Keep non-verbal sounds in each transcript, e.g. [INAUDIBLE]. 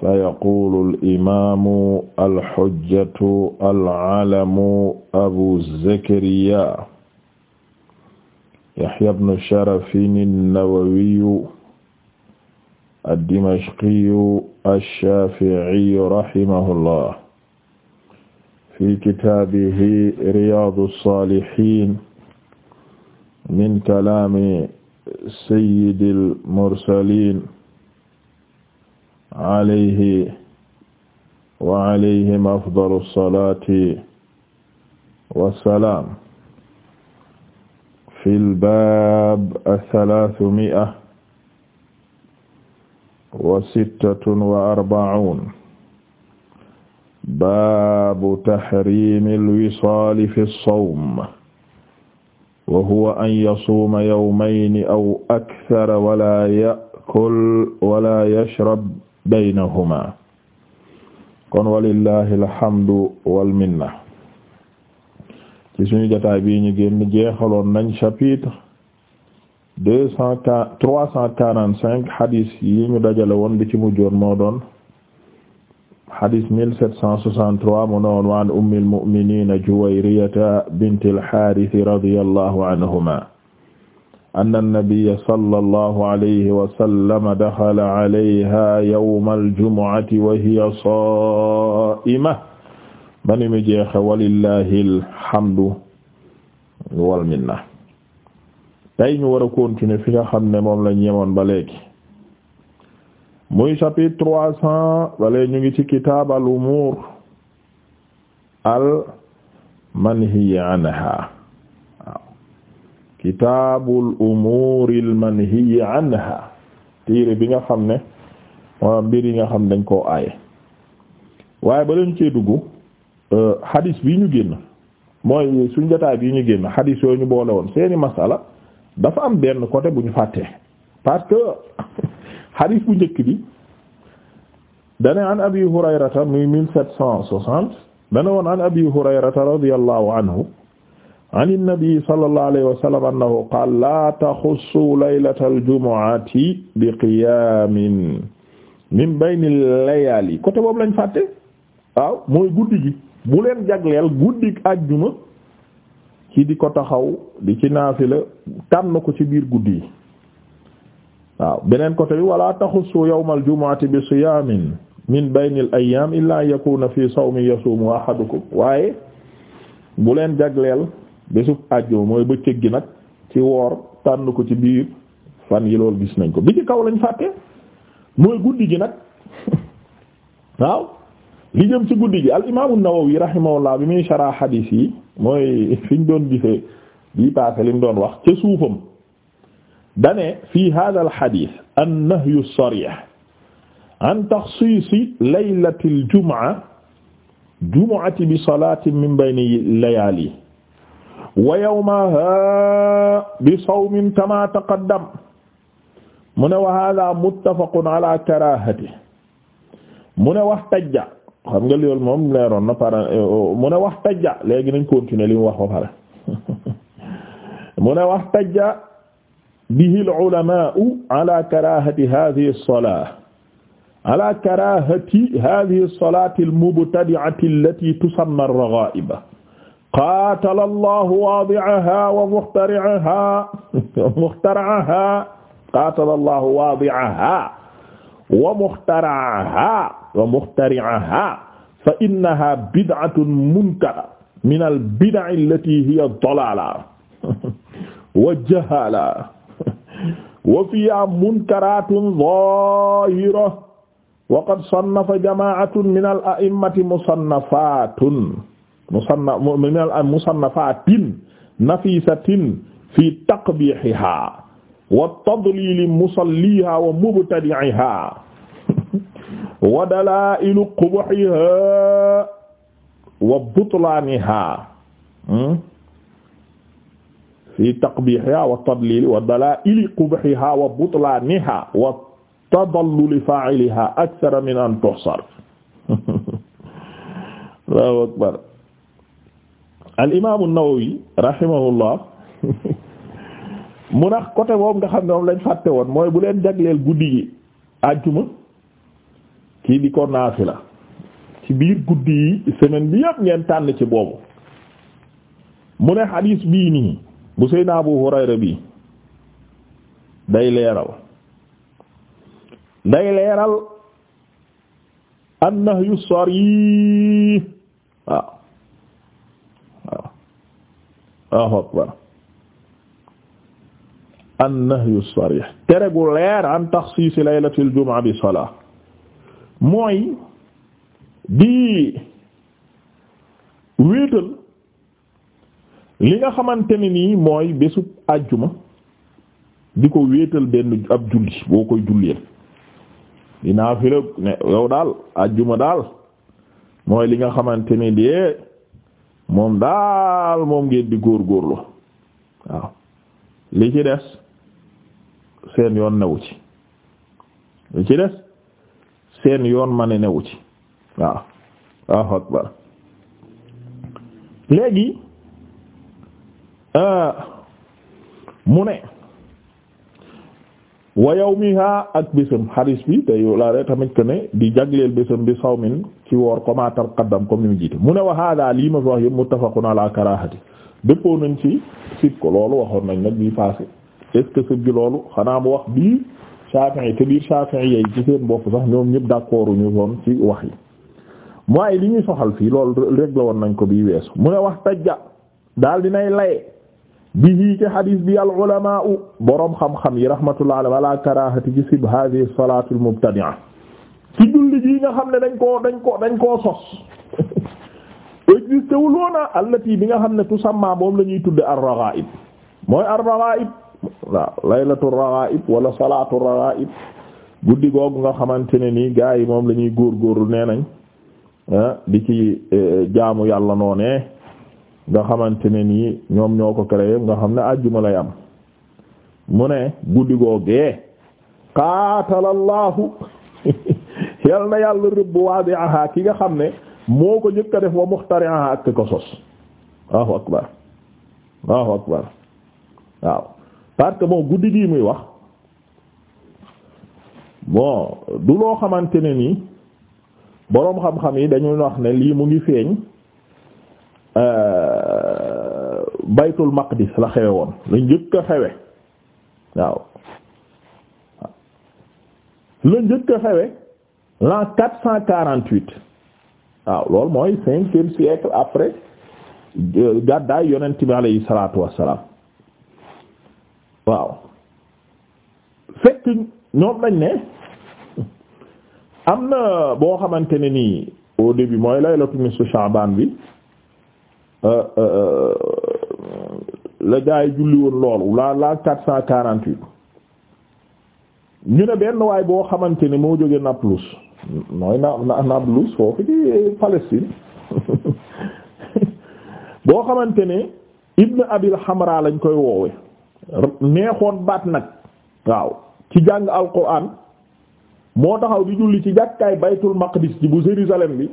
sayaqulul imaamu alxujjatu alcalamu abu zakariya yaxya bnu sharafin annawawiyu addimashqiyu ashafiiyu rahimahullah fi kitaabihi riyaadu saalihiin min kalaami sayyidil mursaliin alayhi wa alayhim afdalu salaati wa salaam fil baab asalaasu mi'a wa sittatun wa arba'uun baabu tahriimil wisaali fi sawm wa huwa an yasuuma yawmayni aw akthara wala ya'kul wala yashrab baynahuma kon walillahi alhamdu wal minna bi ñu génn nañ chapitre deux trois cent quarante cinq hadis yi ñu dajale woon bi ci mujjoon moo doon hadis mille sept cent soixante trois mu noon waan ummil mu'miniina juwayriyata bintil haaris radiyallahu anhuma anna nabiyya sallallahu alayhi wa sallam daxala alayha yawmal jumu'ati wa hiya saa'ima bani mu jeexe walillahil hamdu wal minna tey ñu war a continuer fi nga xam ne moom la ñemoon ba léegi muy chapitre trois cents bale ñu ngi ci kitaab al umuur al manhiyi anha kitaabul umuuril manhiyyi anha téere bi nga xam ne waa mbir yi nga xam dañ koo aaye waaye ba lañ cee dugg hadis euh, bii ñu génn mooy suñ jotaay bii ñu génn hadis yooyu ñu boole woon seeni masala dafa am benn côté bu ñu fàttee parce que hadis [LAUGHS] bu njëkk bi dane an abi hurayrata muy mille sept cent soixante dane woon an abi hurayrata radiyallahu anhu an innabi sallallahu alayhi wa sallam annahu qaala laa taxussu laylatal jumu'ati bi qiyaamin min bayni layaali côté boobu lañ fàtte waaw mooy guddi gi bu leen jagleel guddi àjjuma ci di ko taxaw di ci naafila tànn ko ci biir guddi yi waaw beneen côté bi wala taxussu yawmal jumu'ati bi siyaamin min bayni al ayyaam illaa an yakuna fi sawmi yasuumu ahadukum waaye bu leen jagleel. bésub àjjuma mooy bëccëg gi nag ci woor tànn ko ci biir fan yi loolu gis nañ ko bi ci kaw lañ fàtte mooy guddi gi nag [LAUGHS] waaw li jëm ci guddi gi al imaamu Nawawi rahimahullah bi muy sharah hadis yi mooy [LAUGHS] fi ñu doon gisee bii paase li mu doon wax ca suufam dane fi hada al hadis an nahyu sarih an taxsiisi laylati al jumu'a jumu'ati bi salaatin min bayni layaali wa yawmaha bi sawmin kama taqaddam mu ne wa hada muttafaqun ala karahati mu ne wax tajja xam nga loolu moom leeroon na par mu ne wax tajja léegi nañ continuer li mu wax ba pare [LAUGHS] mu ne wax tajja bihi al ulama ala karahati hadhihi as-salah ala karahati hadhihi as-salati al mubtadi'ati allati tusamma ar-ragha'ib qaatala allahu waadi'aha wa muxtari'aha muxtara'aha qaatala allahu waadi'aha wa muxtara'aha wa muxtari'aha fa innaha bid'atun munkara min al-bid'i allati hiya dalaala wa jahaala wa fiihaa munkaraatun zaahira wa qad sannafa jamaa'atun min al-a'immati musannafaatun musanna minal al musannafatin nafisatin fi taqbihiha wa tadlili musalliha wa mubtadi'iha [LAUGHS] wa dalailu qubuhiha wa butlaaniha hmm, fi taqbihiha wa tadlili wa dalailu qubuhiha wa butlaaniha wa tadalluli fa'iliha akthara min an tuhsar [LAUGHS] Allahu akbar al imaamu an-Nawawi rahimahullah mu nax côté boobu nga xam ne moom lañ fàtte woon mooy bu leen jagleel guddi gi àjjuma kii di ko naafila ci biir guddi yi semaine bi yëpp ngeen tànn ci boobu mu ne xadiis bii nii bu Seydina Abu Hurayra bii day leeral day leeral annahyu sari waaw Allahu akbar an-nahyu sarih tere gu leer an taxsiisi laylatil jumaa bi salaa mooy di wéetal li nga xamante ni nii mooy bésub àjjuma di ko wéetal benn ab julli boo koy julleel dinaa fi yow daal àjjuma daal mooy li nga xamante ne dee moom daal moom ngeen di góorgóorlu waaw li ci des seen yoon newu ci li ci des seen yoon ma ne newu ci waaw waaw akbar léegi euh, mu ne wa yawmiha ak bésam xadis bi te yow laa rek tamit que ne di jagleel bésam bi sawmin ci woor kama taqaddam comme ni mu mu ne wa hada lii ma fi wax yëpp muttafaqun ala karahati dëppoo nañ ci sib ko loolu waxoon nañ nag bii passé est ce que gi loolu xanaa mu wax bi Shafi'i te biir Shafi'i yi ci seen bopp sax ñoom ñëpp d'accord ñu woon ci wax yi mooy li ñuy soxal fii loolu rek la woon nañ ko bi weesu mu ne wax tajja daal dinay laye bi hii ci hadis bi al ulama u boroom xam-xam yi rahmatullah ala karahati ci sib hadhihi salatu al mubtadi'a yi nga xam ne dañ ko dañ ko dañ koo sos [LAUGHS] existé wu loona bi nga xam ne tusamma moom lañuy ñuy tudde ar mooy ar-raghaib waaw laylatu raghaib wala salatu raghaib guddi googu nga xamante ne nii gaa yi moom lañuy góor góorgóorlu nee nañ ah, di ci eh, jaamu yàlla noonee nga xamante ne nii ñoom ñoo ko créé nga xam ne àjjuma lay am mu ne guddi googee qaatalallahu [LAUGHS] yal na yàlla rëbb waadi'aha ki nga xam ne moo ko njëkk a def wa muxtari'aha ak ko sos Allahu akbar Allahu waaw parce que guddi gii muy wax bon du loo xamante ne nii boroom xam-xam yi dañuy wax ne lii mu ngi feeñ euh, baytul maqdis la xewe woon la njëkk xewe waaw la njëkk xewe l'an quatre cent quarante huit waaw loolu mooy cinquième siècle après euh, gàddaay yonent bi alayhi salaatu wassalaam waaw fekk ñoom lañ ne am na boo xamante ne nii au début mooy laylatu nisfu Sha'ban bi euh, euh, la gaa yi julli woon loolu la la quatre cent quarante huit ñu ne benn waay boo xamante ne moo jóge Naples mooy na na Nablus foofu ci Palestine [LAUGHS] boo xamante ne Ibn Abil Hamra lañ koy woowe neexoon baat nag waaw ci jàng alquran moo taxaw di julli ci jàkkaay baytul maqdis ji bu Jérusalem bi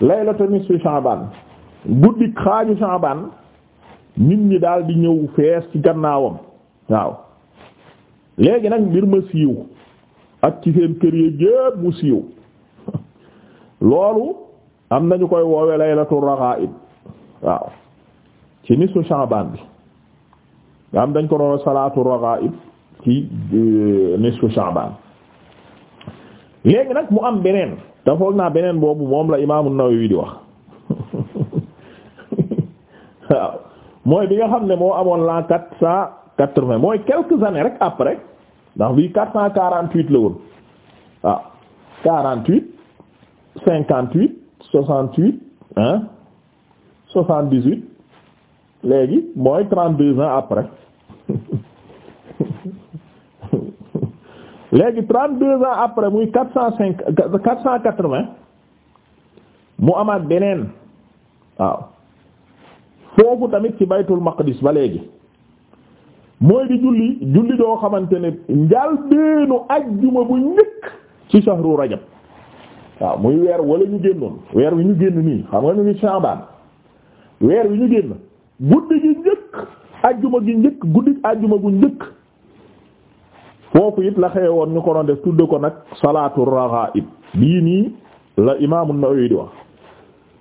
laylatu nisfi Sha'ban guddi xaaju Sha'ban nit ñi daal di ñëw fees ci gannaawam waaw léegi nag mbir ma siiw ak ci seen kër yi yépp mu siiw loolu am nañu koy woowe laylatul ragha'ib waaw ci nisu Sha'ban bi nga am dañ ko doon salatu ragha'ib ci euh, nisu Sha'ban léegi nag mu am beneen te foog naa beneen boobu moom la imaamu Nawawi di wax [LAUGHS] waaw mooy bi nga xam ne moo amoon l'an quatre cent quatre-vingt mooy quelques années rek après ndax bii quatre cent quarante-huit la woon quarante-huit cinquante huit soixante huit hein soixante dix huit léegi mooy trente deux ans après [LAUGHS] léegi trente deux ans après muy quatre cent cinq quatre cent quatre vingt mu amaat beneen waaw foofu tamit ci baytul maqdis ba léegi mooy di julli julli doo xamante ne njaal beenu ajjuma bu njëkk ci shahru rajab waaw muy weer wala ñu génnoon weer wi ñu génn nii xam nga ñu ngi Shaaban weer wi ñu génn guddi gi njëkk ajjuma gi njëkk guddi ajjuma gu njëkk foofu it la xëye woon ñu ko doon def tudde ko nag salaatu raghaib bii nii la imaamu Nawawi di wax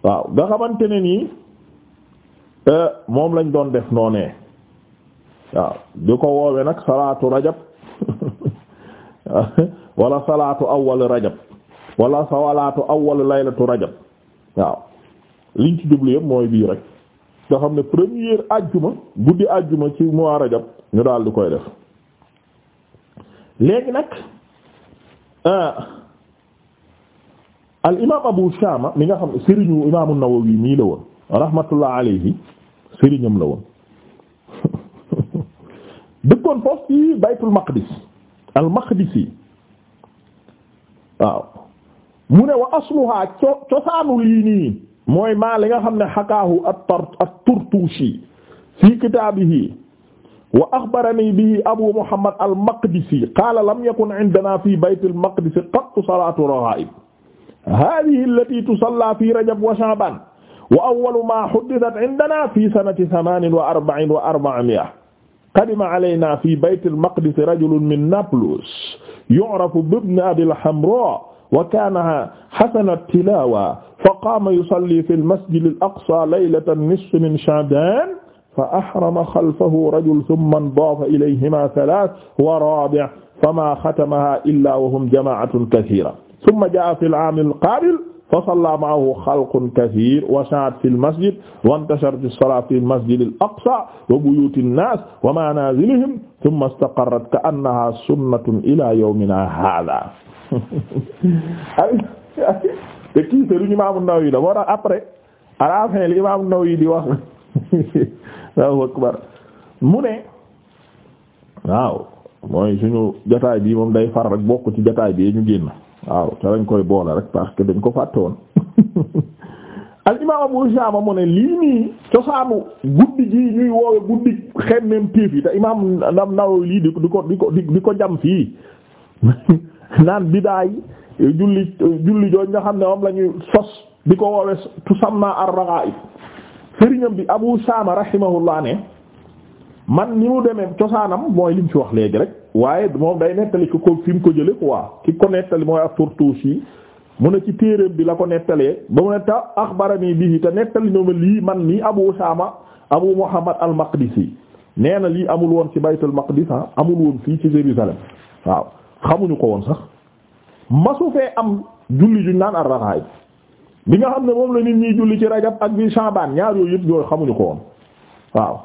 waaw nga ne nii euh, moom lañ doon def noonee waaw di ko woowe nag salaatu rajab [LAUGHS] wala salaatu awwal rajab wala sawalaatu awwal laylatu rajab waaw liñ ci jublu yëpp mooy bii rek nga xam ne première ajjuma guddi ajjuma ci mois rajab ñu daal di koy def léegi nag euh, al imaam Abu Shama mi nga xam ne sëriñu imaamu Nawawi mii la woon rahmatullah alayhi sëriñam la woon [LAUGHS] dëkkoon foofu ci baytul maqdis al maqdisi waaw mu ne wa asluha co cosaanu lii nii mooy maa li nga xam ne xakaahu at-Tartuushi fi kitaabihi wa axbarani bihi abu muhammad al-Maqdisi qaala lam yakun indanaa fi bayt al-Maqdis qattu salaatu ragaa'ib haadihi allatii tusallaa fi rajab wa sha'baan wa awwalu maa huddisat indanaa fi sanati samaanin wa arba'iin wa arba'ami'a qadima alaynaa fi bayt al-Maqdis rajulun min Naples yu'rafu bi-bni Abil Hamraa wa kaana hasana tilaawa fa qaama yusalli fi al-masjid al-aqsa laylata nisfi min sha'baan fa ahrama xalfahu rajul thumma idaafa ilayhimaa thalaatha wa raabi' famaa khatamahaa illaa wa hum jamaa'atun kathiira thumma jaa'a fi al-'aam al-qaabil fa sallaa ma'ahu xalqun kathiir wa sha'at fi al-masjid wa intasharat as-salaatu fi al-masjid al-aqsaa wa buyuuti an-naas wa manaazilihim thumma istaqarrat ka'annahaa sunnatun ilaa yawminaa haadhaa ay [LAUGHS] te kii sëriñ Imaamu Nawawi la moo tax après à li Imaamu Nawawi di wax [LAUGHS] mu ne waaw mooy suñu jotaay bii moom day far rek bokk ci jotaay bi ñu génn waaw te dañ koy boole rek parce que dañ ko fàtte woon [LAUGHS] al imaam Abu Shama mu ne lii nii cosaanu guddi gii ñuy woowe guddi xemmeem téef yi te imaam Nawawi lii di ko di ko di ko di ko jam fii naan bidaay julli julli jooju nga xam ne moom lañuy ñuy sos di ko woowe tusamma ar-raghaib sëriñam bi Abu Sama rahimahullah ne man ni mu demee cosaanam mooy li mu wax léegi rek waaye moom day nettali ki ko fi ko jële quoi ki ko nettali mooy ak Turtuusi ci téereem bi la ko nettalee ba mu lii man nii Abu Sama Abu Muhammad al-Maqdisi nee na lii amul woon ci Baytul Maqdis ah, amul woon fii ci Jérusalem waaw xamuñu ko woon sax masu fee am julli juñ naan ar raxaay bi nga xam ne moom la nit ñi julli ci rajab ak bi shambaan ñaar yooyu yëpp yooyu xamuñu ko woon waaw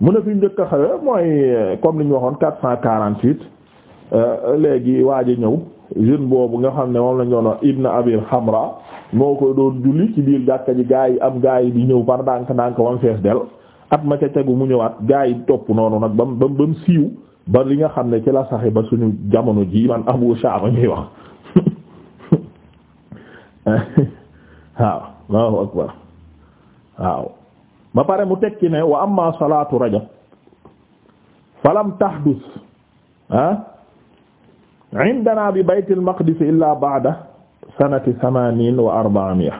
mu ne fi njëkk a xewe mooy euh, comme li ñu waxoon quatre cent quarante-huit euh, léegi waaj a ñëw jeune boobu nga xam ne moom lañ doon wax Ibn Abir Hamra moo ko doon julli ci biir jàkka ji gaa yi am gaa yi di ñëw par ndànk ndànk wam fees del at ma ca tegu mu ñëwaat gaa yi topp noonu nag bam bam bam ba li nga xam ne ci la saxe ba suñu jamono ji man Abu Shama ñuy wax [LAUGHS] waaw Allahu akbar waaw ba pare mu tekki ne wa amma salaatu rajab falam tahdus ah indana bi baytil maqdis illa ba'da sanati thamaniin wa arba'amia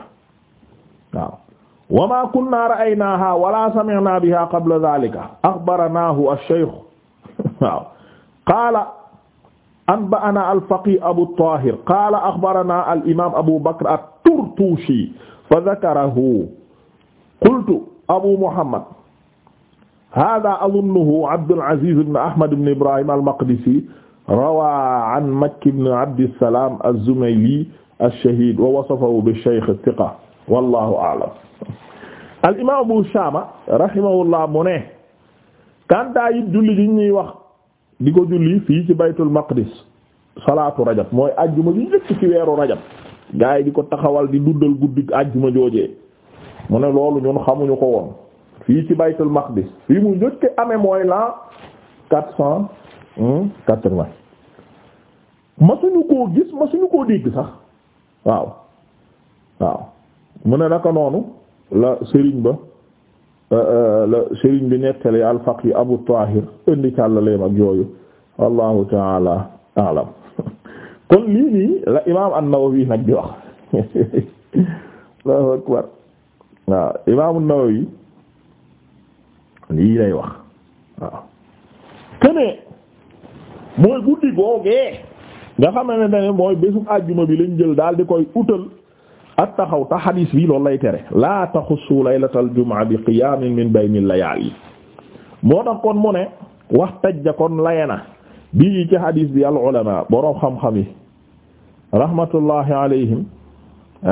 waaw wa ma kunna ra'aynaaha wala sami'na biha qabla dhalika akhbaranaahu ash-shaykh waaw qaala anba'ana al-faqih abu tahir qaala axbarana al-imam abu bakr at-turtushi fa dhakarahu qultu abu muhammad hada azunnuhu abdul aziz ibn ahmad ibn ibrahim al-maqdisi rawa an makki ibn abdi salaam az-zumayli ash-shahid wa wasafahu bi-shaykh ath-thiqa wallahu a'lam al-imam abu shama rahimahullah mu ne kanta yit julli ji ñuy wax di ko julli fii ci baytul maqdis salaatu rajab mooy ajjuma bi njëkk ci weeru rajab gaa yi di ko taxawal di duddal guddi ajjuma joojee mu ne loolu ñun xamuñu ko woon fii ci baytul maqdis fii mu njëkk amee mooy la quatre cent quatre-vingt masuñu koo gis masuñu koo dégg sax waaw waaw mu ne naka noonu la sëriñ ba Euh, euh, la sëriñ bi nettali al-Faqih Abu Tahir indi càllaleem ak yooyu wallahu taala alam [LAUGHS] kon lii nii la imaam an-Nawawi nag di wax [LAUGHS] Allahu akbar waaw imaam nawawi lii lay wax waaw kene mooy guddi googee nga xam ne ne mooy bésub àjjuma bi lañ jël daal di koy utal ak taxaw ta xadiis bi loolu lay tere laa taxussu laylatal bi qiyaamin min baynil layaali moo tax kon mu ne wax tajja kon layana ci xadiis bi al ulama boroom xam-xam yi rahmatullahi alayhim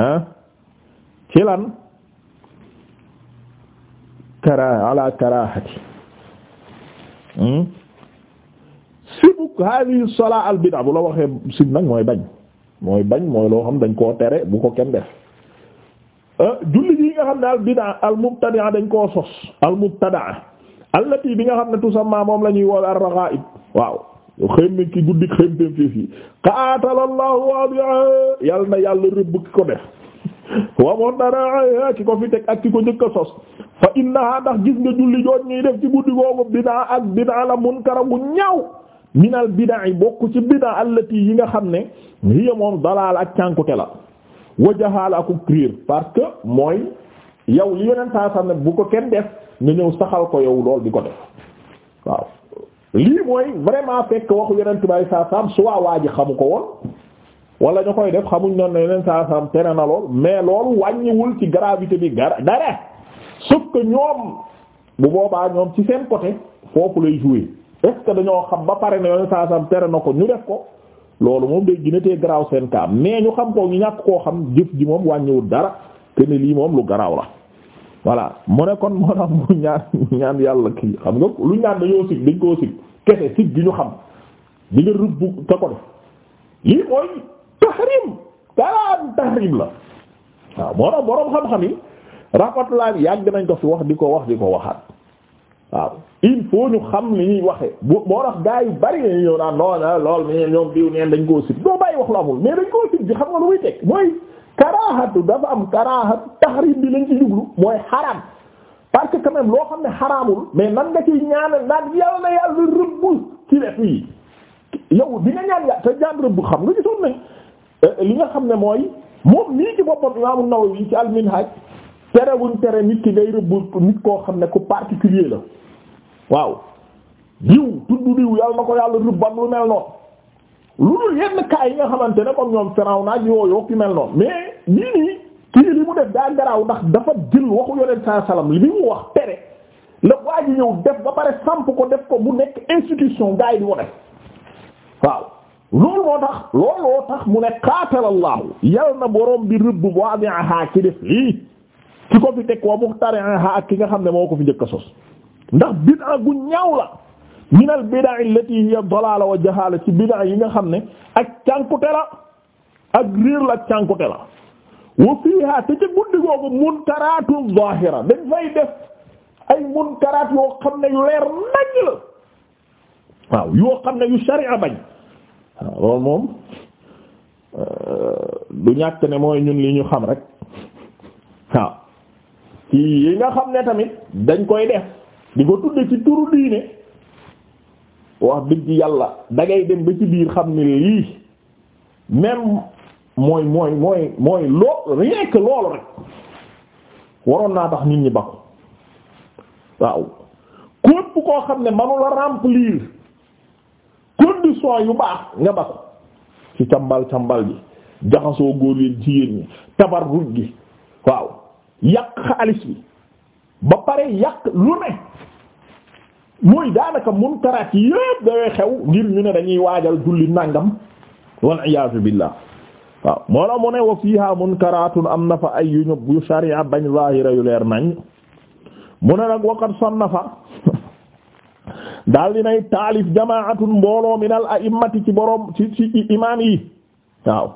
ah ci kara ala karahati hmm? sibuk hadihi salaa al bid'a bu la waxee sib nag mooy bañ mooy bañ mooy loo xam dañ koo tere bu ko kenn def euh, julli ji nga xam ne al bid'a al mubtadi'a dañ koo sos al mubtada'a allati bi nga xam ne tusamma moom la ñuy woo ar raqa'ib waaw xëym ki guddi xëym ten fiif yi qaatalallahu waadi yàlla na yàlla rëbb ki ko def wa mubtada'a ki ko fi teg ak ki ko njëkk sos fa innaha ndax gis nga julli jooj ñuy def ci guddi googu bid'a ak bid'a la munkara bu ñaaw minal bidaa bokk ci bidaa allati yi nga xam ne hiya moom dalaal ak cànkute la wa jahaal ak ukriir parce que mooy yow li yeneen saa sax bu ko kenn def nga ñëw saxal ko yow lool di ko def waaw lii mooy vraiment fekk waxu yeneen tubaab saa saam su waa ji xamu ko woon wala ñu koy def xamuñ noonu ne yeneen saa tere na lool mais loolu wàññiwul ci gravité bi dara dara sauf que ñoom bu boobaa ñoom ci seen côté foofu lay jouer. est-ce dañoo xam ba pare na yoonu saa sam tere na ko ñu def ko loolu moom day gën a tee garaaw seen kaam mais ñu xam ko ñu ñàkk koo xam jëf ji moom wàññiwul dara te lii moom lu garaaw la. voilà moo tax mu ñaan ñaan yàlla kii xam lu ñaan dañoo sig dañ koo sig ñu xam di nga rëbb te ko def la waaw moo tax boroom xam-xam yi rahmatullah yàgg nañ ko fi wax di ko wax di ko waxaat. waaw il faut ñu xam li ñuy waxe bu moo tax gaa yu bari nañu ñëw lool mi ñoom diw neen dañ koo sib doo bàyyi wax lu amul mais dañ koo sib xam nga lu muy teg mooy karaahatu dafa am karaahatu tahrim bi lañ ci jublu mooy xaraam parce que quand même loo xam ne xaraamul mais nan nga ciy ñaanal naan yàlla na yàlla rëbb ci def yi yow di nga ñaan ya te ñaan rëbb xam nga gisoon nañ euh, li nga xam ne mooy moom nii ci boppam Imam An-Nawawi ci Al-Minhaj tere wuñ tere nit ki ngay rëbb nit koo xam ne ku particulier la waaw diw tudd diw yàlla na ko yàlla rëbban lu mel noonu lu dul yenn cas yi nga xamante ne comme ñoom feraw naaj yooyu ki mel noonu mais nii nii kii li mu def daa garaaw ndax dafa jël waxu yonent saa salaam li mu wax tere la waa ji ñëw def ba pare samp ko def ko bu nekk institution gaa yi di ko def waaw loolu moo tax looloo tax mu ne qaatalallahu yal na borom bi rëbb bu amee aha ci def ki ko fi teg wa muxtari'aha ak ki nga xam ne moo ko fi njëkk sos ndax bid'a gu ñaaw la min al bid'a ci bid'a yi nga xam ne ak cànkute la ak réer la ak cànkute la wa fiha te ca dañ fay def ay munkaraat yoo xam ne yu leer nañ la waaw yoo xam ne yu sharia bañ waaw loolu moom euh, du ñàkk ne mooy ñun li ñu xam rek yi nga xam ne tamit dañ koy def di ko tudde ci turu diine wax yàlla dangay dem ba ci biir xam ne lii même mooy mooy mooy mooy lool rien loolu rek waroon naa tax nit ñi ba ko waaw képp koo xam ne manula remplir condition yu baax nga ba ko ci cambal cambal jaxasoo góor yi jigéen ñi tabarruj gi waaw yàq xaalis bi ba pare yàq lu ne mooy daanaka munkaraat yi yëpp dawee xew ngir ñu ne dañuy waajal julli nàngam wal iyaazu billah waaw la mu ne wa fiiha munkaraatun am na fa ay yu ñu yu sharia bañ zaahira yu leer nañ mu ne nag waqat sannafa [LAUGHS] daal dinay taalif jamaatun mbooloo min al a'immati ci boroom ci ci imaam yi waaw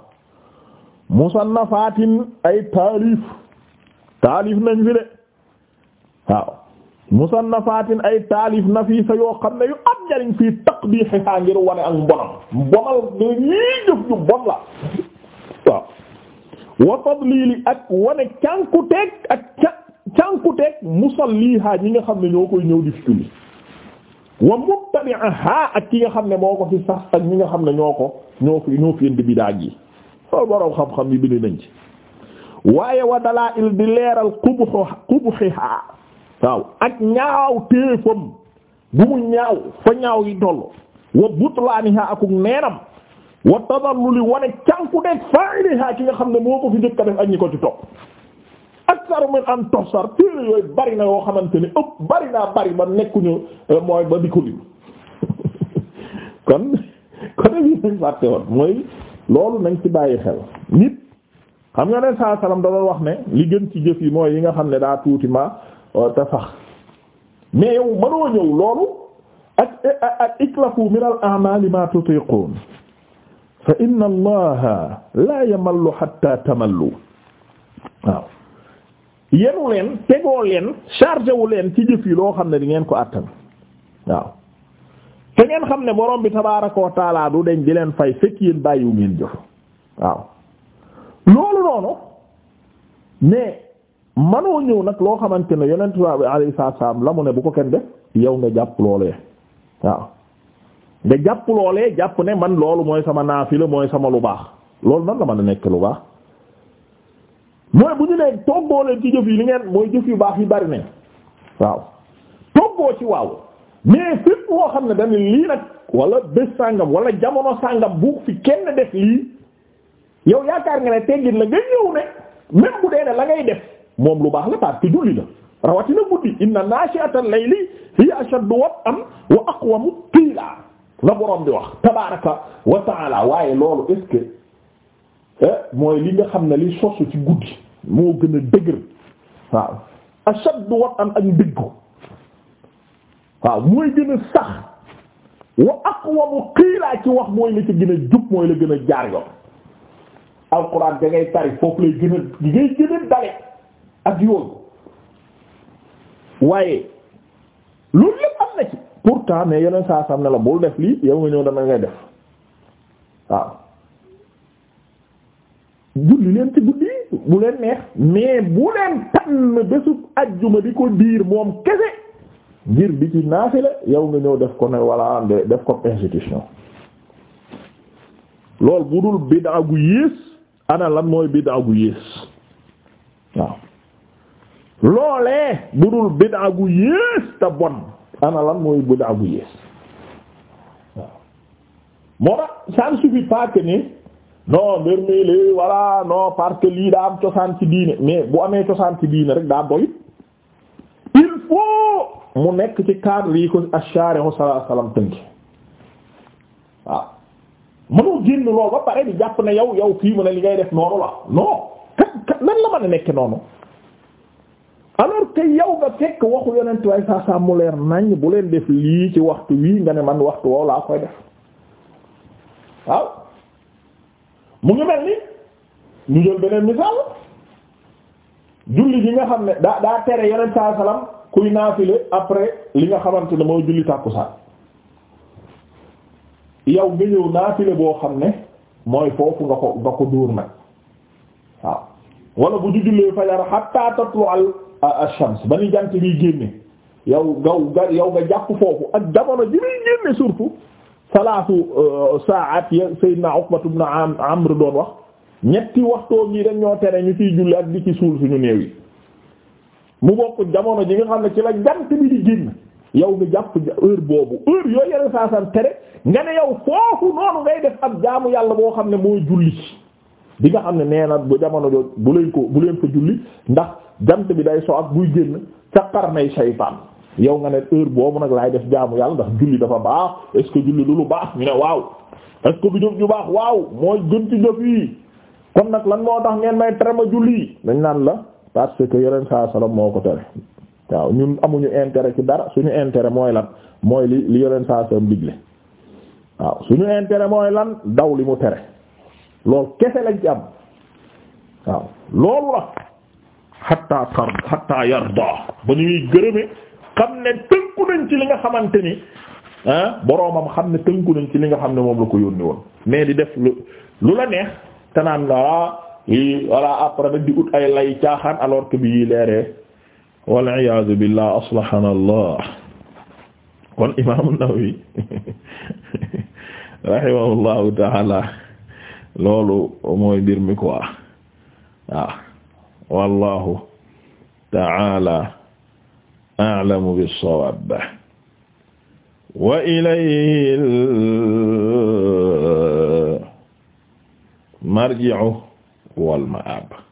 musannafaatin ay taalif taalif nañ fi de waaw musannafatin ay taalif nafiisa yoo xam ne yu am njariñ fii taqbihiha ngir wane ak mbonam mbonal da ñii jëf ju bon la waaw wa tadlili ak wane cànkuteeg ak cànkuteeg musalliha ñi nga xam ne ñoo koy ñëw di fi julli wa ak ki nga xam ne moo ko fi sax ak ñi nga xam ne ñoo ko ñoo fi ñoo fi indi bidaa gi loolu borom xam-xam yi bind nañ ci waaye wa dalaa dalaa'il di leeral qubhu qubhiha waaw ak ñaaw téefam bu mu ñaaw fa ñaaw yi toll wa butlaaniha akuk neenam wa tadalluli wane cànku deg fa'iliha ki nga xam ne moo ko fi njëkk a def ak ñi ko ci topp aksaru min an tosar téere yooyu bari na yoo xamante ni ëpp bari naa bari ba nekkuñu mooy ba di ko lim kon nañ fàtte woon mooy loolu nañ ci bàyyi xel nit xam nga ne saa salaam wax ne li gën ci jëf yi mooy yi nga xam ne daa tuuti ma euh, te sax mais yow mënoo ñëw loolu ak iklafu min al ma tutiqun fa inna allaha la yamallu hatta tamallu waaw yenu leen tegoo leen chargé wu leen ci jëf yi loo xam ne di ngeen ko àttan waaw te ngeen xam ne borom bi tabaaraka wa du deñ di leen fay fekk yéen bàyyi ngeen jëf waaw loolu noonu mais manoo ñëw nag loo xamante ne yonent bi alayhi salaam la mu ne bu ko kenn def yow nga jàpp loolee waaw nga jàpp loolee jàpp ne man loolu mooy sama naafila mooy sama lu baax loolu nan la mën a nekk lu baax mooy bu ñu nee toggoo leen ci jëf yi li ngeen mooy jëf yu baax yi bari ne waaw toggoo ci waaw mais fépp woo xam ne dañ lii nag walla bés sàngam wala jamono sàngam bu fi kenn def lii yow yaakaar nga ne teggin la nga ñëw ne même bu dee ne la ngay def moom lu baax la parce que julli la rawatina guddi inna nashi'atal layli hiya ashaddu am wa aqwamu qiila la borom bi wax tabaaraka wa waaye loolu est-ce eh, mooy li nga xam ne li sosu ci guddi moo gën a dëgër waaw ashaddu wat'an ak dëggu waaw mooy gën a sax wa aqwamu qiila ci wax mooy la ci gën a jub mooy la gën a jaar yoon alquran da ngay tari foofu lay gën a di ngay gën a ak yoon waaye loolu lépp am na ci pourtant mais yeneen saa sam ne la bul def lii yow nga ñëw dama ngay def waaw julli leen ci guddi bu leen neex mais bu leen tànn bésu ajjuma di ko diir moom kese ngir bi ci naafila yow nga ñëw def ko ne walla def ko institution loolu budul bid'a gu yées ana lan mooy bid'a gu yées waaw loolee budul bid'a gu yées te bon ana lan mooy bid'a gu yées waaw moo tax ça ne suffit pas que ni non mbir mi lii lii daa am cosaan ci diine mais bu amee cosaan ci diine rek daa doy il faut mu nekk ci cadre yi ko ashari sallallahu alayhi wasallam tënk waaw mënoo génn loolu ba pare di jàpp ne yow yow fii mu ne li ngay def noonu la non kat nan la mën a nekk noonu alors que yow nga fekk waxu yonent waaye saa saa mu leer nañ bu leen def lii ci waxtu wii nga ne man waxtu woo laa koy def waaw mu ngi mel ni ñu jël beneen misaal julli gi nga xam ne da daa tere yeneen saa salaam kuy naafile après li nga xamante ne mooy julli saa yow nga naa naafile boo xam ne mooy foofu nga ko nga ko dóor nag waaw wala bu ñu jullee fajar hatta tatlu al ash-shams ba nu jant bi génne yow nga yow nga jàpp foofu ak jamono ji muy génne surtout salaatu euh, saa'at ya sayyidna Uqbatu ibn Amr doon wax ñetti waxtoo ngi dañ ñoo tere ñu ciy julli ak di ci suul suñu néew yi mu bokk jamono ji nga xam ne ci la jant bi di génn yow mi jàpp heure boobu heure yooyu yeneen saa tere nga ne yow foofu noonu ngay def ak jaamu yàlla boo xam ne mooy julli bi nga xam ne nee na bu jamono jot bu leen ko bu leen fa julli ndax jant bi day so ak buy génn ca qarnay saytaan yow nga ne heure boobu nag laay def jaamu yàlla ndax julli dafa baax est julli lu lu baax ñu ne waaw est-ce que ju baax waaw mooy gën ci jëf yi kon nag lan moo tax ngeen may tere ma julli dañ naan la parce que yereen saa moo ko tere waaw ñun amuñu intérêt ci dara suñu intérêt mooy lan mooy li li yoneen saa sam digle waaw suñu intérêt mooy lan daw li mu tere loolu kese lañ ci am waaw loolu la xatta tar xatta yarda ba ñu ngi gërëme xam ne tënku nañ ci li nga xamante ni ah, boroomam xam ne tënku nañ ci li nga xam ne moom la ko yónni woon mais di def lu lu la neex te naan la ah, voilà après di ut ay lay caaxaan alors que bi leeree waliyaadu billah aslahana allah kon imaamu Nawawi [LAUGHS] rahimahullahu taala loolu mooy mbir mi quoi waaw wallahu taala a'lamu bis-sawaab wa ilayhi al-marji'u wal-ma'aab